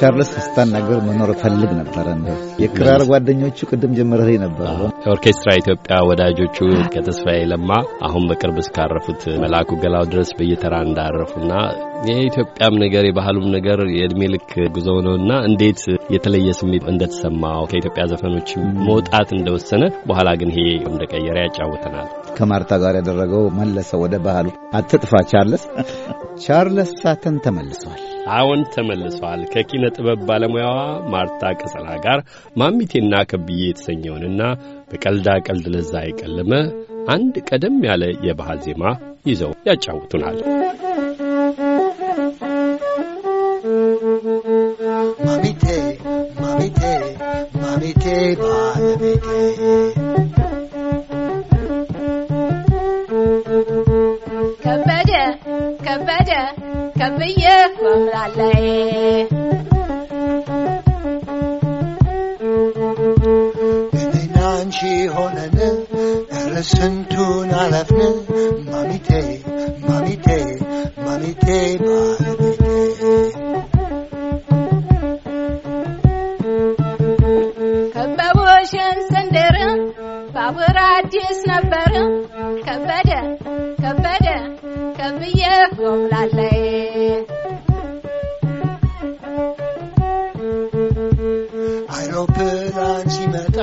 ቻርልስ ስታን ነገር መኖር ፈልግ ነበረ። እንደ የክራር ጓደኞቹ ቅድም ጀመረ ነበር። የኦርኬስትራ ኢትዮጵያ ወዳጆቹ ከተስፋዬ ለማ አሁን በቅርብ እስካረፉት መልአኩ ገላው ድረስ በየተራ እንዳረፉና የኢትዮጵያም ነገር የባህሉም ነገር የእድሜ ልክ ጉዞ ነውና እንዴት የተለየ ስሜት እንደተሰማው ከኢትዮጵያ ዘፈኖች መውጣት እንደወሰነ በኋላ ግን ይሄ እንደቀየረ ያጫውተናል። ከማርታ ጋር ያደረገው መለሰ ወደ ባህሉ። አትጥፋ ቻርለስ ቻርለስ ሳተን ተመልሷል። አዎን ተመልሰዋል። ከኪነ ጥበብ ባለሙያዋ ማርታ ቀጸላ ጋር ማሚቴና ከብዬ የተሰኘውንና በቀልዳ ቀልድ ለዛ የቀለመ አንድ ቀደም ያለ የባህል ዜማ ይዘው ያጫውቱናል። ቱን አለፍነ ማሚቴ ማሚቴ ማሚቴ ባለቤቴ ከበቦሽን ስንድር ባቡር አዲስ ነበር ከበደ ከበደ ከብዬ ቆምላላይ አይሮፕላን ሲመጣ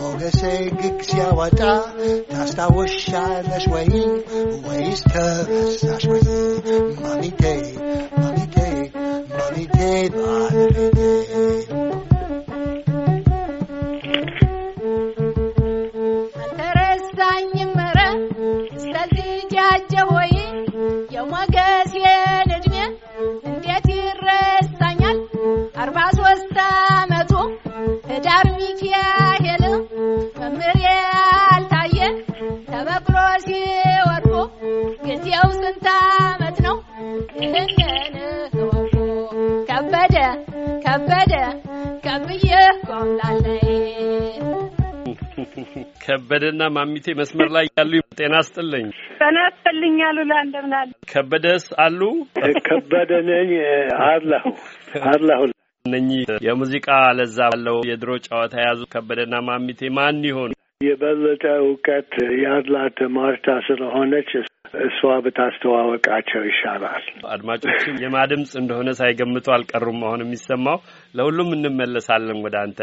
ሞገሴ ግግ ሲያወጣ Last I was shy, that's way ways to, that's way Money day, money day, money day, money day. አበበና ማሚቴ መስመር ላይ ያሉ ጤና አስጥልኝ ጤና አስጥልኝ አሉላ እንደምን ከበደስ አሉ ከበደ ነኝ አለሁ አለሁ። እነኚህ የሙዚቃ ለዛ ባለው የድሮ ጨዋታ የያዙ ከበደና ማሚቴ ማን ይሆኑ? የበለጠ እውቀት ያላት ማርታ ስለሆነች እሷ ብታስተዋወቃቸው ይሻላል። አድማጮች የማድምፅ እንደሆነ ሳይገምቱ አልቀሩም። አሁን የሚሰማው ለሁሉም እንመለሳለን ወደ አንተ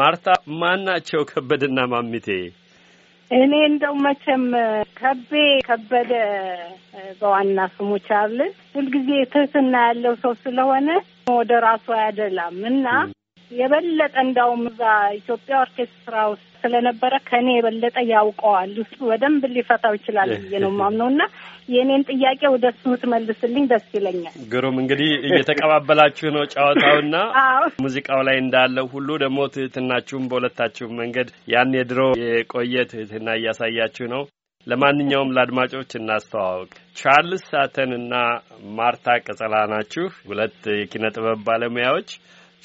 ማርታ። ማን ናቸው ከበድና ማሚቴ? እኔ እንደው መቼም ከቤ ከበደ በዋና ስሙ ቻርልስ ሁልጊዜ ትህትና ያለው ሰው ስለሆነ ወደ ራሱ አያደላም እና የበለጠ እንዳውም እዛ ኢትዮጵያ ኦርኬስትራ ውስጥ ስለነበረ ከእኔ የበለጠ ያውቀዋል። እሱ በደንብ ሊፈታው ይችላል ብዬ ነው የማምነው እና የእኔን ጥያቄ ወደ እሱ ትመልስልኝ ደስ ይለኛል። ግሩም እንግዲህ እየተቀባበላችሁ ነው ጨዋታውና ሙዚቃው ላይ እንዳለው ሁሉ ደግሞ ትህትናችሁም በሁለታችሁ መንገድ ያን የድሮ የቆየ ትህትና እያሳያችሁ ነው። ለማንኛውም ለአድማጮች እናስተዋወቅ። ቻርልስ ሳተን እና ማርታ ቀጸላ ናችሁ፣ ሁለት የኪነ ጥበብ ባለሙያዎች።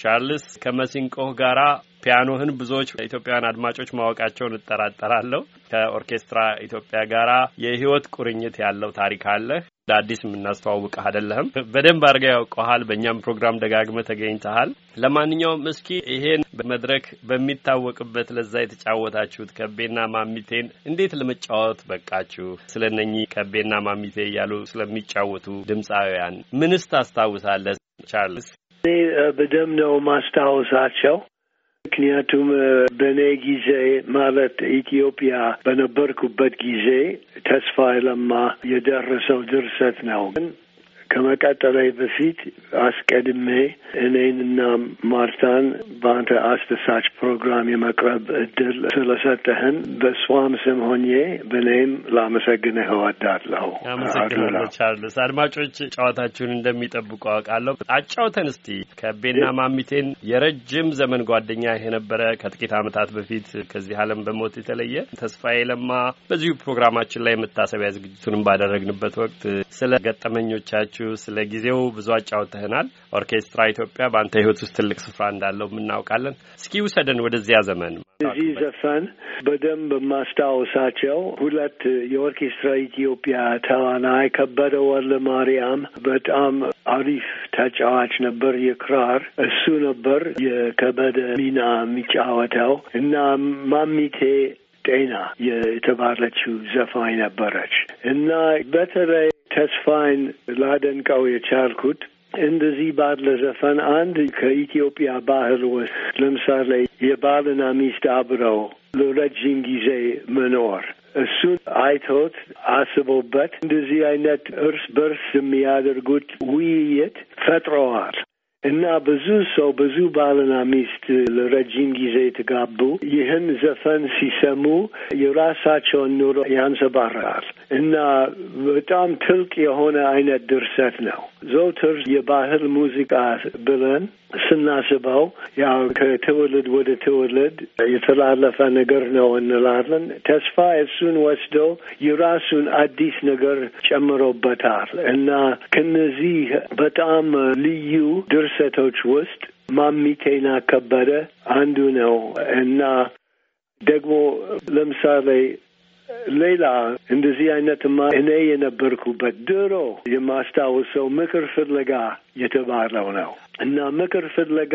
ቻርልስ ከመሲንቆህ ጋራ ፒያኖህን ብዙዎች ኢትዮጵያውያን አድማጮች ማወቃቸውን እጠራጠራለሁ። ከኦርኬስትራ ኢትዮጵያ ጋር የህይወት ቁርኝት ያለው ታሪክ አለህ። ለአዲስ የምናስተዋውቅህ አይደለህም። በደንብ አድርገህ ያውቀሃል። በእኛም ፕሮግራም ደጋግመህ ተገኝተሃል። ለማንኛውም እስኪ ይሄን በመድረክ በሚታወቅበት ለዛ የተጫወታችሁት ከቤና ማሚቴን እንዴት ለመጫወት በቃችሁ? ስለ እነኚህ ከቤና ማሚቴ እያሉ ስለሚጫወቱ ድምፃውያን ምንስ ታስታውሳለህ? ቻርልስ እኔ በደም ነው ማስታወሳቸው። ምክንያቱም በእኔ ጊዜ ማለት ኢትዮጵያ በነበርኩበት ጊዜ ተስፋ ለማ የደረሰው ድርሰት ነው ግን ከመቀጠሌ በፊት አስቀድሜ እኔንና ማርታን በአንተ አስደሳች ፕሮግራም የመቅረብ እድል ስለሰጠህን በእሷም ስም ሆኜ በእኔም ላመሰግንህ እወዳለሁ። አመሰግናለሁ ቻርልስ። አድማጮች ጨዋታችሁን እንደሚጠብቁ አውቃለሁ። አጫውተን እስቲ ከቤና ማሚቴን የረጅም ዘመን ጓደኛ የነበረ ከጥቂት ዓመታት በፊት ከዚህ ዓለም በሞት የተለየ ተስፋዬ ለማ በዚሁ ፕሮግራማችን ላይ መታሰቢያ ዝግጅቱንም ባደረግንበት ወቅት ስለ ገጠመኞቻችሁ ናችሁ። ስለ ጊዜው ብዙ አጫውተህናል። ኦርኬስትራ ኢትዮጵያ በአንተ ህይወት ውስጥ ትልቅ ስፍራ እንዳለው እናውቃለን። እስኪ ውሰደን ወደዚያ ዘመን። እዚህ ዘፈን በደንብ ማስታወሳቸው ሁለት የኦርኬስትራ ኢትዮጵያ ተዋናይ ከበደ ወለ ማርያም በጣም አሪፍ ተጫዋች ነበር፣ የክራር እሱ ነበር የከበደ ሚና የሚጫወተው እና ማሚቴ ጤና የተባለችው ዘፋኝ ነበረች እና በተለይ ተስፋዬን ላደንቀው የቻልኩት እንደዚህ ባለ ዘፈን አንድ ከኢትዮጵያ ባህል ውስጥ ለምሳሌ የባልና ሚስት አብረው ለረጅም ጊዜ መኖር እሱን አይቶት አስቦበት እንደዚህ አይነት እርስ በርስ የሚያደርጉት ውይይት ፈጥረዋል እና ብዙ ሰው ብዙ ባልና ሚስት ለረጅም ጊዜ የተጋቡ ይህን ዘፈን ሲሰሙ የራሳቸውን ኑሮ ያንሰባራል። እና በጣም ትልቅ የሆነ አይነት ድርሰት ነው። ዘውትር የባህል ሙዚቃ ብለን ስናስበው ያው ከትውልድ ወደ ትውልድ የተላለፈ ነገር ነው እንላለን። ተስፋ እሱን ወስዶ የራሱን አዲስ ነገር ጨምሮበታል እና ከነዚህ በጣም ልዩ ድርሰቶች ውስጥ ማሚቴና ከበደ አንዱ ነው እና ደግሞ ለምሳሌ ሌላ እንደዚህ አይነትማ እኔ የነበርኩበት ድሮ የማስታውሰው ምክር ፍለጋ የተባለው ነው። እና ምክር ፍለጋ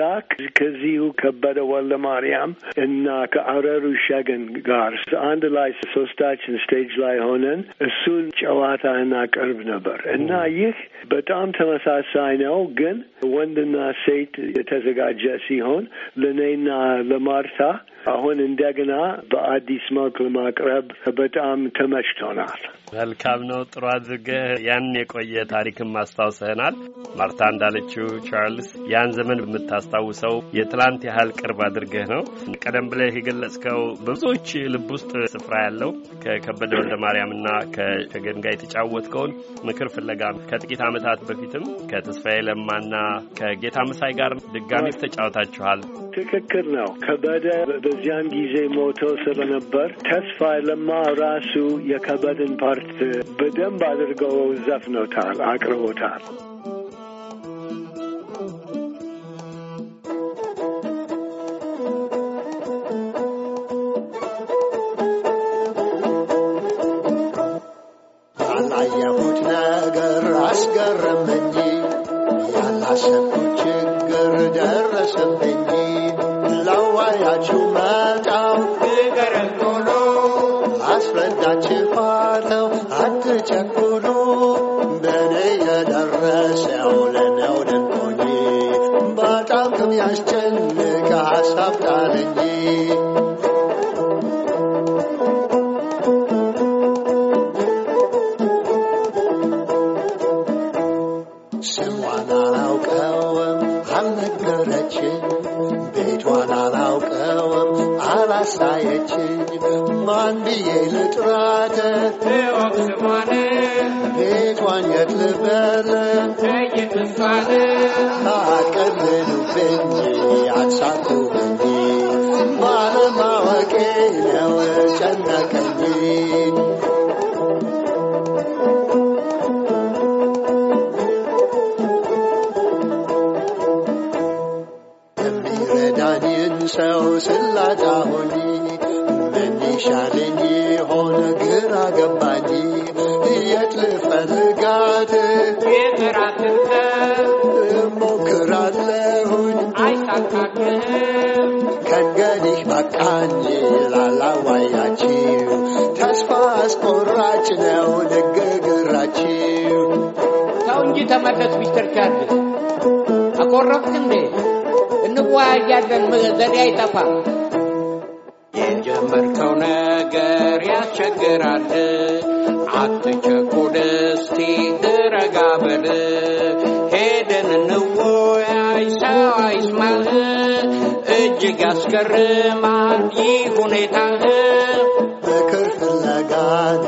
ከዚሁ ከበደ ወልደ ማርያም እና ከአረሩ ሸገን ጋር አንድ ላይ ሶስታችን ስቴጅ ላይ ሆነን እሱን ጨዋታ እናቀርብ ነበር እና ይህ በጣም ተመሳሳይ ነው፣ ግን ወንድና ሴት የተዘጋጀ ሲሆን ለእኔና ለማርታ አሁን እንደገና በአዲስ መልክ ለማቅረብ በጣም ተመችቶናል። መልካም ነው። ጥሩ አድርገህ ያን የቆየ ታሪክም ማስታውሰህናል። ማርታ እንዳለችው ቻርልስ ያን ዘመን በምታስታውሰው የትላንት ያህል ቅርብ አድርገህ ነው። ቀደም ብለህ የገለጽከው በብዙዎች ልብ ውስጥ ስፍራ ያለው ከከበደ ወልደ ማርያምና ከሸገን ጋር የተጫወትከውን ምክር ፍለጋ ከጥቂት ዓመታት በፊትም ከተስፋዬ ለማና ከጌታ መሳይ ጋር ድጋሚ ተጫወታችኋል። ትክክል ነው። ከበደ በዚያን ጊዜ ሞቶ ስለነበር ተስፋ ለማ ራሱ የከበድን ፓርት በደንብ አድርገው ዘፍኖታል፣ አቅርቦታል። ያየችኝ ማን ብዬ ልጥራ የረዳኝን ሰው ስላጣ ሆኒ ምን ይሻለኝ ሆነ ግራ ገባኝ። የት ልፈልጋት ሞክራለሁኝ ከእንግዲህ በቃኝ ላላዋያችው ተስፋ አስቆራጭ ነው ንግግራችው። ተው እንጂ ተመለስ ሚስተር ቻርልስ አኮረፍክ እንዴ? እንዋያለን ዘዴ አይጠፋም። የጀመርከው ነገር ያስቸግራል። አትቸኩል እስቲ ረጋ በል። ሄደን እንወያይ ሰው አይስማህ። እጅግ ያስገርማል ይህ ሁኔታህ። ምክር ፍለጋ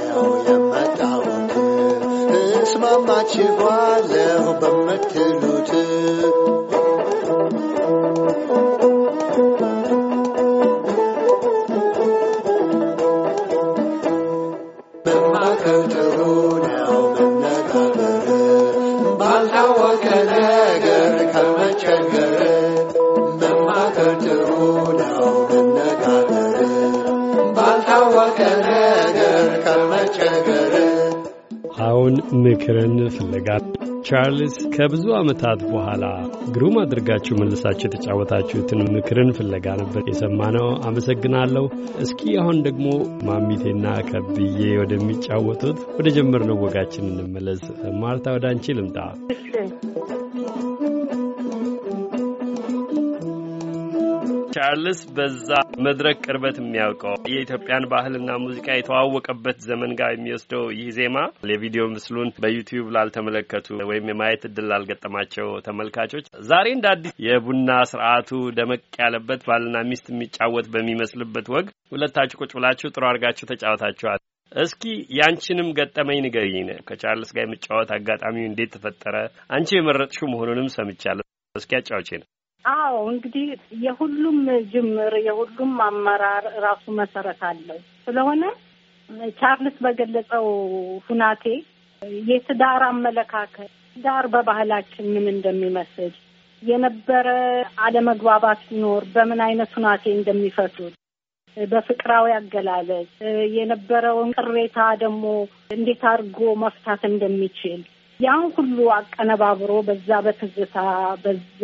ነው የመጣሁት። እስማማችኋል ቸገረ። አሁን ምክርን ፍለጋ ቻርልስ ከብዙ ዓመታት በኋላ ግሩም አድርጋችሁ መልሳችሁ የተጫወታችሁትን ምክርን ፍለጋ ነበር የሰማነው። አመሰግናለሁ። እስኪ አሁን ደግሞ ማሚቴና ከብዬ ወደሚጫወቱት ወደ ጀመርነው ወጋችን እንመለስ። ማርታ፣ ወደ አንቺ ልምጣ። ቻርልስ በዛ መድረክ ቅርበት የሚያውቀው የኢትዮጵያን ባህልና ሙዚቃ የተዋወቀበት ዘመን ጋር የሚወስደው ይህ ዜማ የቪዲዮ ምስሉን በዩቲዩብ ላልተመለከቱ ወይም የማየት እድል ላልገጠማቸው ተመልካቾች ዛሬ እንደ አዲስ የቡና ስርዓቱ ደመቅ ያለበት ባልና ሚስት የሚጫወት በሚመስልበት ወግ ሁለታችሁ ቁጭ ብላችሁ ጥሩ አድርጋችሁ ተጫወታችኋል። እስኪ ያንቺንም ገጠመኝ ንገሪኝ። ከቻርልስ ጋር የመጫወት አጋጣሚው እንዴት ተፈጠረ? አንቺ የመረጥሽው መሆኑንም ሰምቻለሁ። እስኪ አጫውቼ ነው አዎ እንግዲህ የሁሉም ጅምር የሁሉም አመራር ራሱ መሰረት አለው። ስለሆነ ቻርልስ በገለጸው ሁናቴ የትዳር አመለካከት ትዳር በባህላችን ምን እንደሚመስል የነበረ አለመግባባት ሲኖር በምን አይነት ሁናቴ እንደሚፈቱት በፍቅራዊ አገላለጽ የነበረውን ቅሬታ ደግሞ እንዴት አድርጎ መፍታት እንደሚችል ያን ሁሉ አቀነባብሮ በዛ በትዝታ በዛ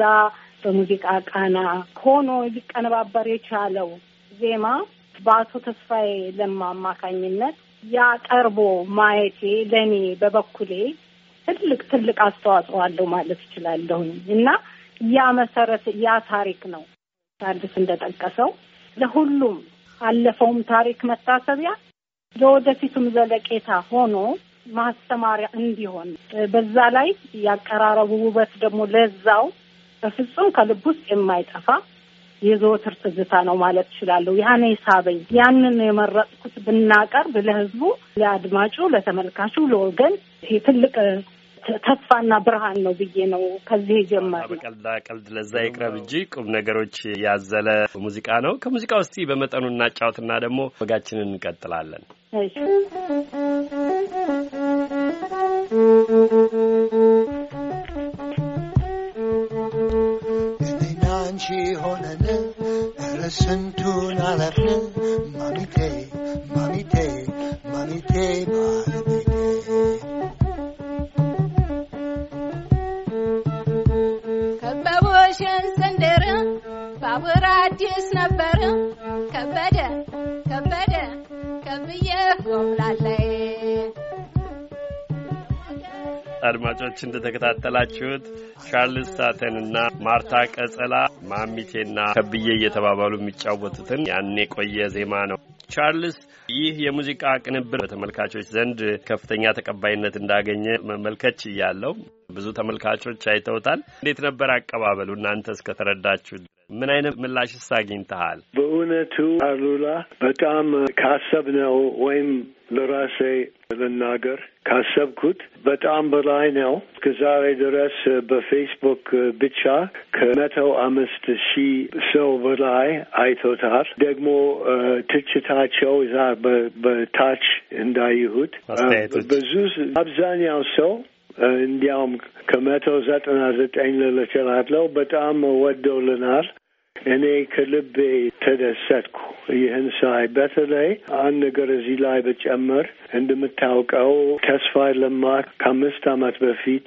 በሙዚቃ ቃና ሆኖ ሊቀነባበር የቻለው ዜማ በአቶ ተስፋዬ ለማ አማካኝነት ያቀርቦ ማየቴ ለእኔ በበኩሌ ትልቅ ትልቅ አስተዋጽኦ አለው ማለት እችላለሁኝ እና ያ መሰረት ያ ታሪክ ነው። አዲስ እንደጠቀሰው ለሁሉም አለፈውም ታሪክ መታሰቢያ ለወደፊቱም ዘለቄታ ሆኖ ማስተማሪያ እንዲሆን በዛ ላይ ያቀራረቡ ውበት ደግሞ ለዛው በፍጹም ከልብ ውስጥ የማይጠፋ የዘወትር ትዝታ ነው ማለት እችላለሁ። ያኔ ሳበኝ ያንን የመረጥኩት ብናቀርብ ለህዝቡ፣ ለአድማጩ፣ ለተመልካቹ፣ ለወገን ይሄ ትልቅ ተስፋና ብርሃን ነው ብዬ ነው ከዚህ ጀመር። በቀልዳ ቀልድ ለዛ ይቅረብ እንጂ ቁም ነገሮች ያዘለ ሙዚቃ ነው። ከሙዚቃ ውስጥ በመጠኑ እናጫወትና ደግሞ ወጋችንን እንቀጥላለን። ከንቱን አላፍርም ማሚቴ ማሚቴ ማሚቴ ከበቦሽን ስንድር ባቡር አዲስ ነበር ከበደ ከበደ ከብዬ አድማጮች እንደተከታተላችሁት ቻርልስ ሳተን ማርታ ቀጸላ ማሚቴና ከብዬ እየተባባሉ የሚጫወቱትን ያን የቆየ ዜማ ነው። ቻርልስ ይህ የሙዚቃ ቅንብር በተመልካቾች ዘንድ ከፍተኛ ተቀባይነት እንዳገኘ መመልከች እያለው ብዙ ተመልካቾች አይተውታል። እንዴት ነበር አቀባበሉ? እናንተ እስከተረዳችሁ ምን አይነት ምላሽስ አግኝተሃል? በእውነቱ አሉላ በጣም ካሰብነው ወይም ለራሴ ልናገር ካሰብኩት በጣም በላይ ነው። እስከዛሬ ድረስ በፌስቡክ ብቻ ከመቶ አምስት ሺህ ሰው በላይ አይቶታል። ደግሞ ትችታቸው እዛ በታች እንዳይሁት ብዙ አብዛኛው ሰው እንዲያውም ከመቶ ዘጠና ዘጠኝ ልል እችላለሁ በጣም ወደውልናል። እኔ ከልቤ ተደሰትኩ። ይህን ሳይ በተለይ አንድ ነገር እዚህ ላይ ብጨምር እንደምታውቀው ተስፋ ለማ ከአምስት ዓመት በፊት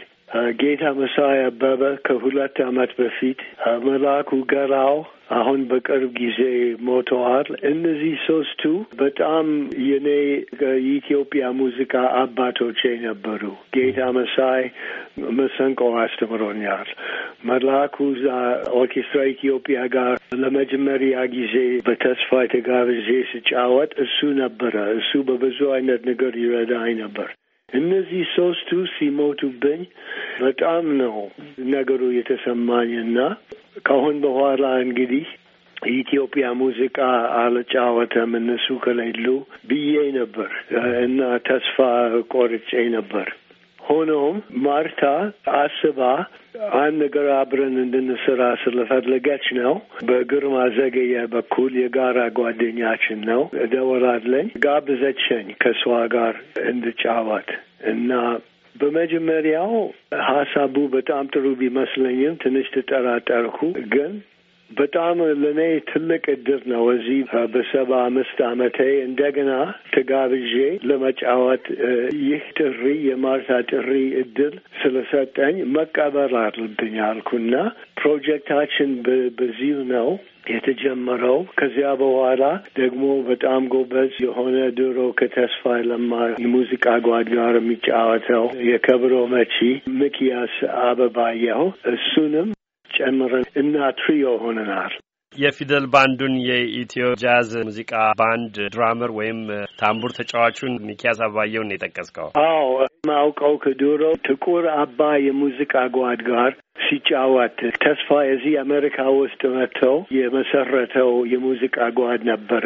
ጌታ መሳይ አበበ ከሁለት ዓመት በፊት መልአኩ ገራው አሁን በቅርብ ጊዜ ሞተዋል። እነዚህ ሶስቱ በጣም የኔ የኢትዮጵያ ሙዚቃ አባቶቼ ነበሩ። ጌታ መሳይ መሰንቆ አስተምሮኛል። መላኩ እዛ ኦርኬስትራ ኢትዮጵያ ጋር ለመጀመሪያ ጊዜ በተስፋ የተጋብዜ ስጫወት እሱ ነበረ። እሱ በብዙ አይነት ነገር ይረዳኝ ነበር። እነዚህ ሶስቱ ሲሞቱብኝ በጣም ነው ነገሩ የተሰማኝ እና ካሁን በኋላ እንግዲህ የኢትዮጵያ ሙዚቃ አልጫወተም እነሱ ከሌሉ ብዬ ነበር እና ተስፋ ቆርጬ ነበር። ሆኖም ማርታ አስባ አንድ ነገር አብረን እንድንሰራ ስለፈለገች ነው። በግርማ ዘገየ በኩል የጋራ ጓደኛችን ነው። ደወላለኝ፣ ጋብዘችኝ ከእሷ ጋር እንድጫወት እና በመጀመሪያው ሀሳቡ በጣም ጥሩ ቢመስለኝም ትንሽ ተጠራጠርኩ ግን በጣም ለእኔ ትልቅ እድር ነው። እዚህ በሰባ አምስት አመቴ እንደገና ተጋብዤ ለመጫወት ይህ ጥሪ የማርታ ጥሪ እድል ስለሰጠኝ መቀበር አለብኝ አልኩና ፕሮጀክታችን በዚሁ ነው የተጀመረው ከዚያ በኋላ ደግሞ በጣም ጎበዝ የሆነ ድሮ ከተስፋ ለማ ሙዚቃ ጓድ ጋር የሚጫወተው የከብሮ መቺ ሚኪያስ አበባየሁ እሱንም ጨምረን እና ትሪዮ ሆነናል። የፊደል ባንዱን የኢትዮ ጃዝ ሙዚቃ ባንድ ድራመር ወይም ታምቡር ተጫዋቹን ሚኪያስ አባየውን የጠቀስከው? አዎ ማውቀው ከዱሮ ጥቁር አባ የሙዚቃ ጓድ ጋር ሲጫወት ተስፋ የዚህ አሜሪካ ውስጥ መጥተው የመሰረተው የሙዚቃ ጓድ ነበረ።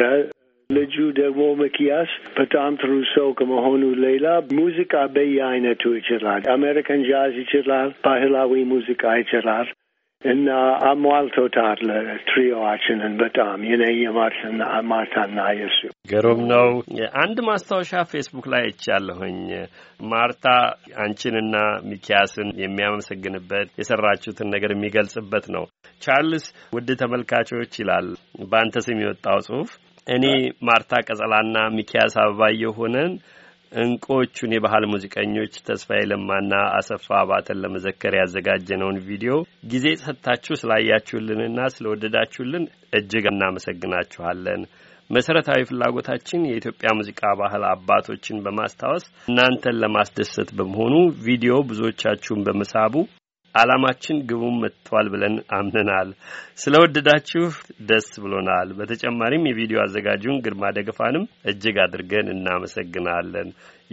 ልጁ ደግሞ ሚኪያስ በጣም ጥሩ ሰው ከመሆኑ ሌላ ሙዚቃ በየአይነቱ ይችላል። አሜሪካን ጃዝ ይችላል፣ ባህላዊ ሙዚቃ ይችላል። እና አሟልቶታል ትሪዮዋችንን በጣም የኔ የማርትና ማርታና የሱ ግሩም ነው። አንድ ማስታወሻ ፌስቡክ ላይ አይቻለሁኝ። ማርታ አንቺንና ሚኪያስን የሚያመሰግንበት የሰራችሁትን ነገር የሚገልጽበት ነው። ቻርልስ ውድ ተመልካቾች ይላል በአንተ ስም የወጣው ጽሁፍ እኔ ማርታ ቀጸላና ሚኪያስ አበባ የሆነን እንቁዎቹን የባህል ሙዚቀኞች ተስፋዬ ለማና አሰፋ አባተን ለመዘከር ያዘጋጀነውን ቪዲዮ ጊዜ ሰጥታችሁ ስላያችሁልንና ስለወደዳችሁልን እጅግ እናመሰግናችኋለን። መሰረታዊ ፍላጎታችን የኢትዮጵያ ሙዚቃ ባህል አባቶችን በማስታወስ እናንተን ለማስደሰት በመሆኑ ቪዲዮ ብዙዎቻችሁን በመሳቡ ዓላማችን ግቡም መጥቷል ብለን አምነናል። ስለወደዳችሁ ደስ ብሎናል። በተጨማሪም የቪዲዮ አዘጋጁን ግርማ ደገፋንም እጅግ አድርገን እናመሰግናለን።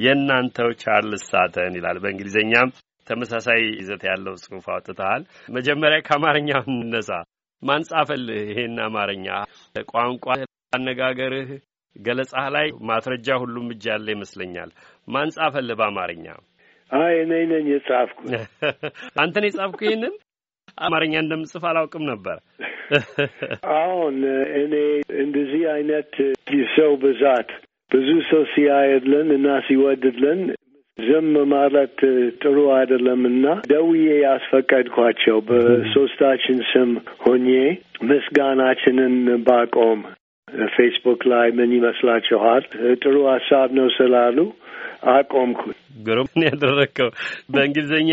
የእናንተው ቻርልስ ሳተን ይላል። በእንግሊዝኛም ተመሳሳይ ይዘት ያለው ጽሑፍ አውጥተሃል። መጀመሪያ ከአማርኛው እንነሳ። ጻፈልህ ይሄን አማርኛ ቋንቋ አነጋገርህ ገለጻህ ላይ ማስረጃ ሁሉም እጅ ያለ ይመስለኛል። ጻፈልህ በአማርኛ አይ እኔ ነኝ አንተ አንተን የጻፍኩ ይህንን አማርኛ እንደምጽፍ አላውቅም ነበር። አሁን እኔ እንደዚህ አይነት ሰው ብዛት ብዙ ሰው ሲያየድልን እና ሲወድድልን ዝም ማለት ጥሩ አይደለም እና ደውዬ ያስፈቀድኳቸው በሶስታችን ስም ሆኜ ምስጋናችንን ባቆም ፌስቡክ ላይ ምን ይመስላችኋል? ጥሩ ሀሳብ ነው ስላሉ አቆምኩት። ግሩም ያደረግከው። በእንግሊዝኛ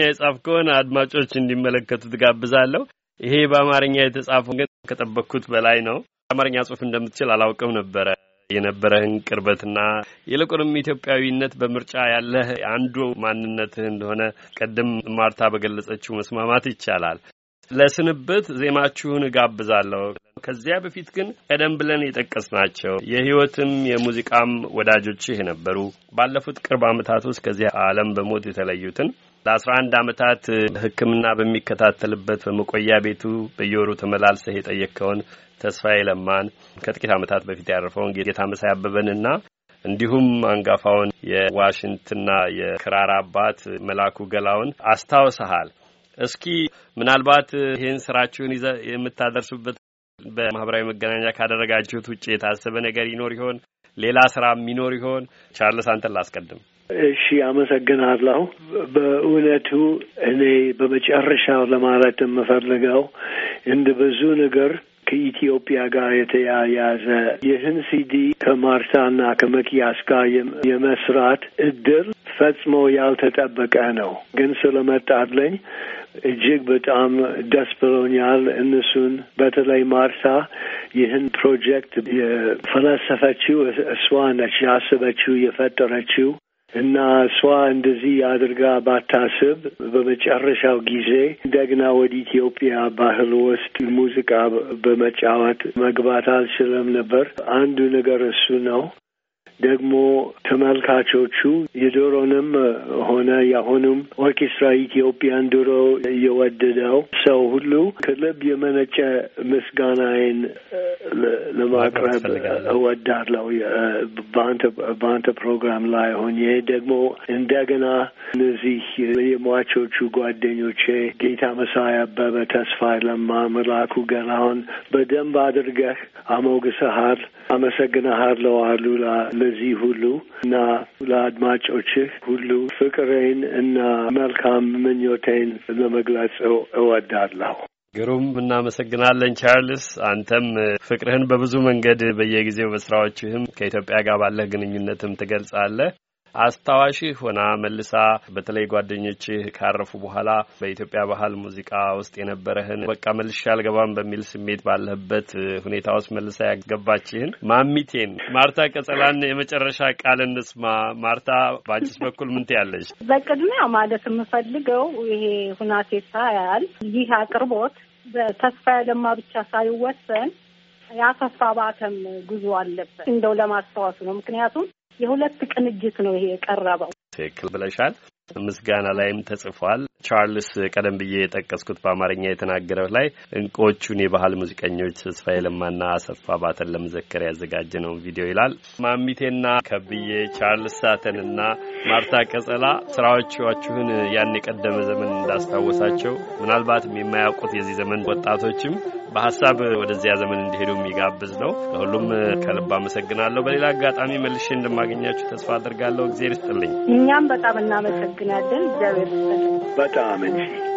ከሆነ አድማጮች እንዲመለከቱ ትጋብዛለሁ። ይሄ በአማርኛ የተጻፈው ግን ከጠበቅኩት በላይ ነው። አማርኛ ጽሁፍ እንደምትችል አላውቅም ነበረ። የነበረህን ቅርበትና ይልቁንም ኢትዮጵያዊነት በምርጫ ያለህ አንዱ ማንነትህ እንደሆነ ቀደም ማርታ በገለጸችው መስማማት ይቻላል። ለስንብት ዜማችሁን እጋብዛለሁ። ከዚያ በፊት ግን ቀደም ብለን የጠቀስናቸው የሕይወትም የሙዚቃም ወዳጆችህ የነበሩ ባለፉት ቅርብ ዓመታት ውስጥ ከዚህ ዓለም በሞት የተለዩትን ለአስራ አንድ ዓመታት ሕክምና በሚከታተልበት በመቆያ ቤቱ በየወሩ ተመላልሰህ የጠየቅከውን ተስፋዬ ለማን ከጥቂት ዓመታት በፊት ያረፈውን ጌታ መሳይ አበበንና እንዲሁም አንጋፋውን የዋሽንትና የክራር አባት መላኩ ገላውን አስታውሰሃል። እስኪ ምናልባት ይህን ስራችሁን ይዘ የምታደርሱበት በማህበራዊ መገናኛ ካደረጋችሁት ውጭ የታሰበ ነገር ይኖር ይሆን? ሌላ ስራ የሚኖር ይሆን? ቻርልስ አንተን ላስቀድም። እሺ፣ አመሰግናለሁ። በእውነቱ እኔ በመጨረሻው ለማለት የምፈልገው እንደ ብዙ ነገር ከኢትዮጵያ ጋር የተያያዘ ይህን ሲዲ ከማርታና ከመኪያስ ጋር የመስራት እድል ፈጽሞ ያልተጠበቀ ነው። ግን ስለመጣለኝ እጅግ በጣም ደስ ብሎኛል። እነሱን በተለይ ማርታ ይህን ፕሮጀክት የፈለሰፈችው እሷ ነች፣ ያስበችው የፈጠረችው እና እሷ እንደዚህ አድርጋ ባታስብ በመጨረሻው ጊዜ እንደገና ወደ ኢትዮጵያ ባህል ውስጥ ሙዚቃ በመጫወት መግባት አልችልም ነበር። አንዱ ነገር እሱ ነው። ደግሞ ተመልካቾቹ የዶሮንም ሆነ የአሁኑም ኦርኬስትራ ኢትዮጵያን ድሮ የወደደው ሰው ሁሉ ከልብ የመነጨ ምስጋናዬን ለማቅረብ እወዳለሁ። በአንተ ፕሮግራም ላይ ሆኜ ደግሞ እንደገና እነዚህ የሟቾቹ ጓደኞቼ ጌታ መሳይ አበበ፣ ተስፋ ለማ፣ መላኩ ገላሁን በደንብ አድርገህ አሞግሰሃል። አመሰግናሃለሁ አሉላ ለዚህ ሁሉ እና ለአድማጮችህ ሁሉ ፍቅሬን እና መልካም ምኞቴን ለመግለጽ እወዳለሁ። ግሩም እናመሰግናለን ቻርልስ። አንተም ፍቅርህን በብዙ መንገድ በየጊዜው በስራዎችህም ከኢትዮጵያ ጋር ባለህ ግንኙነትም ትገልጻለህ። አስታዋሽ ሆና መልሳ በተለይ ጓደኞችህ ካረፉ በኋላ በኢትዮጵያ ባህል ሙዚቃ ውስጥ የነበረህን በቃ መልሻ አልገባም በሚል ስሜት ባለህበት ሁኔታ ውስጥ መልሳ ያገባችህን ማሚቴን ማርታ ቀጸላን የመጨረሻ ቃል እንስማ። ማርታ በአንቺስ በኩል ምን ትያለሽ? በቅድሚያ ማለት የምፈልገው ይሄ ሁናቴ ሳያል ይህ አቅርቦት በተስፋ ለማ ብቻ ሳይወሰን ያሰፋ ባተም ጉዞ አለበት እንደው ለማስታወሱ ነው። ምክንያቱም የሁለት ቅንጅት ነው ይሄ የቀረበው። ትክክል ብለሻል። ምስጋና ላይም ተጽፏል። ቻርልስ ቀደም ብዬ የጠቀስኩት በአማርኛ የተናገረው ላይ እንቆቹን የባህል ሙዚቀኞች ተስፋዬ ለማና አሰፋ ባተን ለመዘከር ያዘጋጀ ነው ቪዲዮ ይላል። ማሚቴና ከብዬ፣ ቻርልስ ሳተንና ማርታ ቀጸላ ስራዎቻችሁን ያን የቀደመ ዘመን እንዳስታወሳቸው ምናልባት የማያውቁት የዚህ ዘመን ወጣቶችም በሀሳብ ወደዚያ ዘመን እንዲሄዱ የሚጋብዝ ነው። ለሁሉም ከልብ አመሰግናለሁ። በሌላ አጋጣሚ መልሼ እንደማገኛችሁ ተስፋ አድርጋለሁ። እግዜር ይስጥልኝ። እኛም በጣም እናመሰግ እናመሰግናለን። እግዚአብሔር በጣም እንጂ